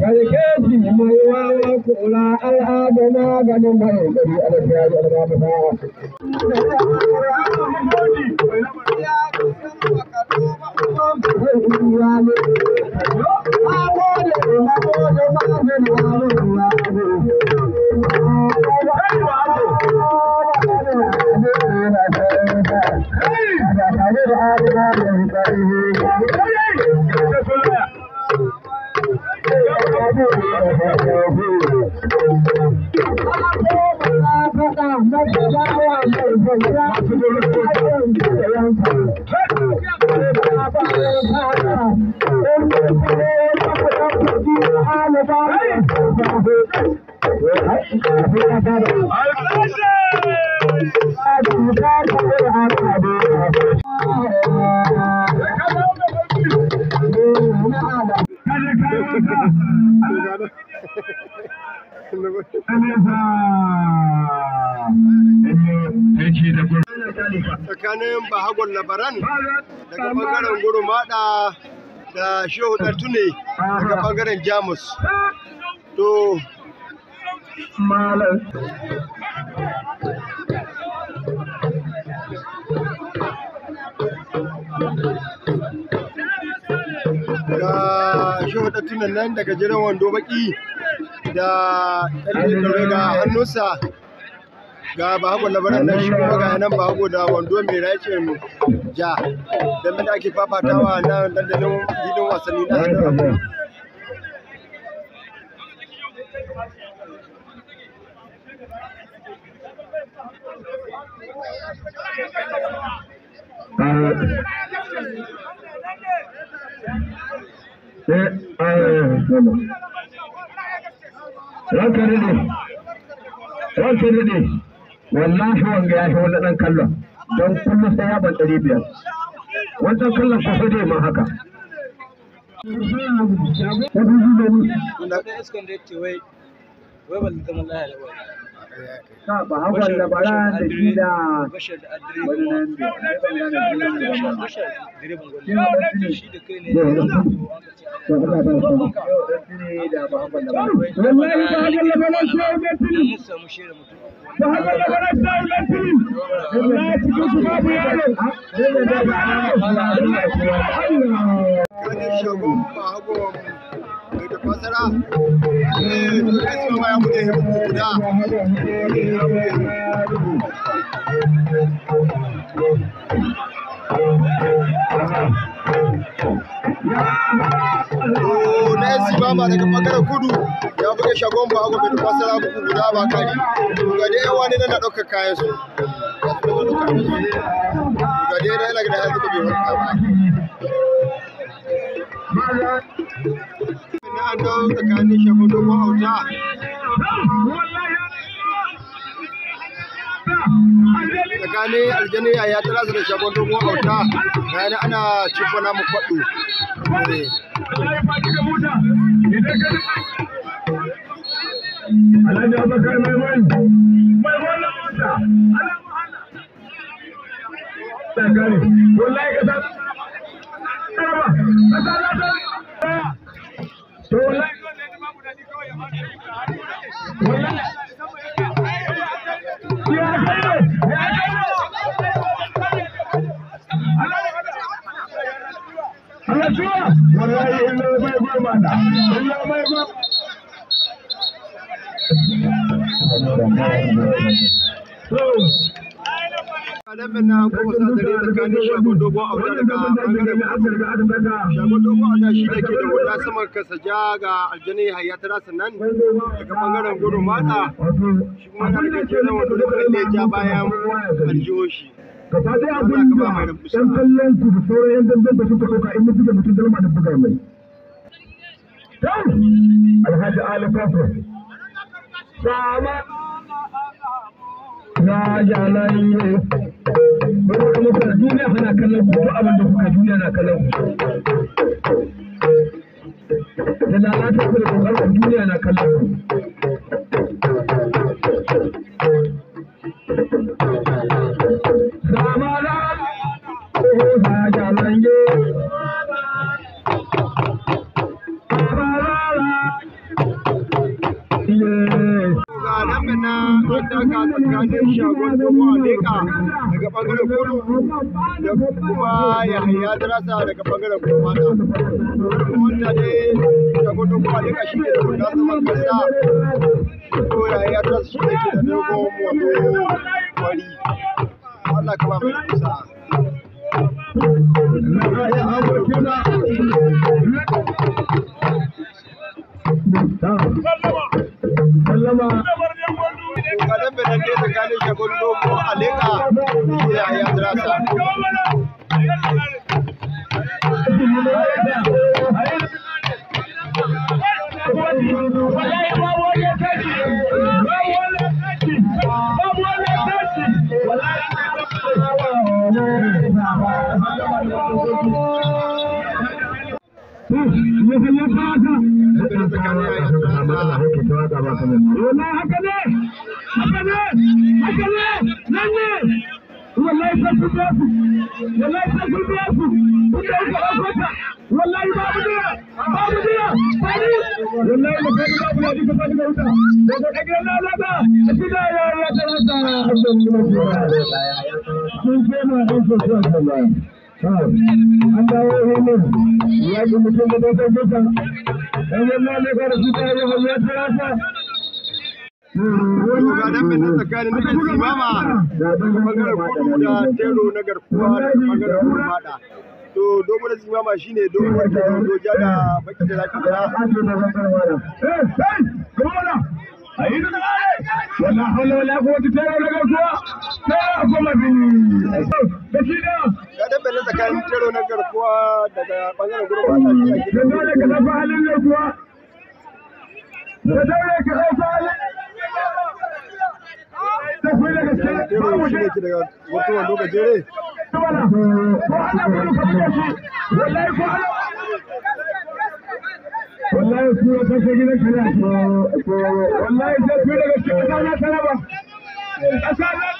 kalkeci mai wawa kula al'adu maganin mai gari alfiyar al'amata. Thank you. Peki de tsakanin bahagon labaran daga bangaren gurumada da shehu ɗartune daga bangaren jamus to ga shehu nan daga jiran wando baki da ɗan da hannunsa ga bahago labaran nan shi kuma ga nan ba bahago da wando mai rashin ja don da ake fafatawa na dandalin gidan wasanni na hadar abu Ranka daɗe, wallahi wanga ya shi wani ɗan kallon don kullum sai ya ban ɗari biyar wancan kallon kusa dai ma haka ka ba hakan labaran da gida wannan da Thank masara da eh, su ma ya bude hebu Bamba daga bangaren kudu ya buga shagon ba agwa bai fasara buku guda ba kari. Ga dai yan wani na ɗaukar kayan su. Ga dai na yana gida ya zuka bai wani kama. kawo tsakanin shabu dogon hauta tsakanin aljani ya tara da shabu dogon hauta yana ana cikin na wallahi in lai mai goma na in lai mai tsakanin shagon dogon auda da shi da ke da wuta saman kasa ja ga aljani hayyata rasa nan daga ɓangaren gudu mata. Shi kuma na rike ce na wato da ja bayan aljihoshi. ka faɗi abin da ɗan kallon su da sauran yan dandan da suka ɗauka in mutu da mutum dalma da buga mai. Alhaji Ali Kafir. Sama. Raja na yi ne. Wani kuma kuna duniya ana kallon ku ko abin da kuka duniya na kallon ku. Da lalata ku da ƙoƙarin duniya na kallon ku. bangaren kudu da kuma yahaya darasa daga bangaren kumata wanda dai da kudu kuma duka shi ne da zaman kasa ko yahaya darasa shi ne da dogon wato wari Allah kama mai kusa. haka ne haka ne haka ne nan ne wallahi sai kun biya su wallahi sai kun babu diya babu diya bari wallahi mu kai babu ya wuta daga kagiyar lalata a an dawo hannun ya ji Gadan na tsakanin nufin simama daga bangaren kudu da tero na garkuwa daga bangaren kudu mada. To da doja da baki da zaki da. A yi da wala hawla wala quwwata illa billah. Ta kuma bin. ya dabbala ta hmm. shi a gidan da da ne ko su wallahi sai fi daga cikin tana tana ba ƙasa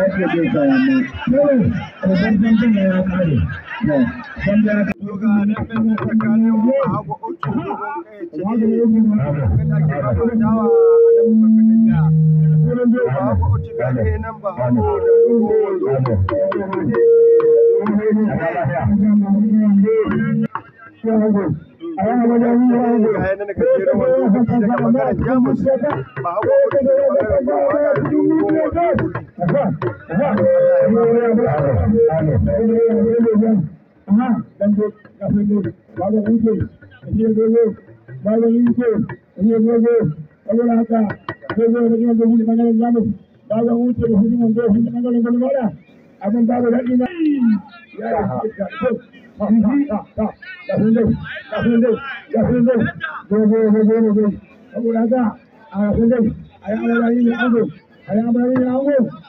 ake ba Thank you. ya Afa, babu daɗi a yasin dai a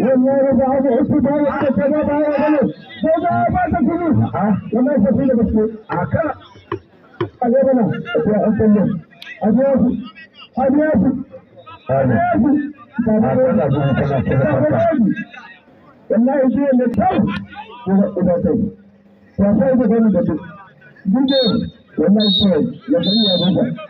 والله بعد اسبوعين الشباب على الغلو بدا ما تقولوا وما يستفيد بس عكا أجابنا أتكلم أجاب أجاب أجاب والله يجي للتو إذا تي فأخذ بني بس جنجر والله يجي يجري يا بابا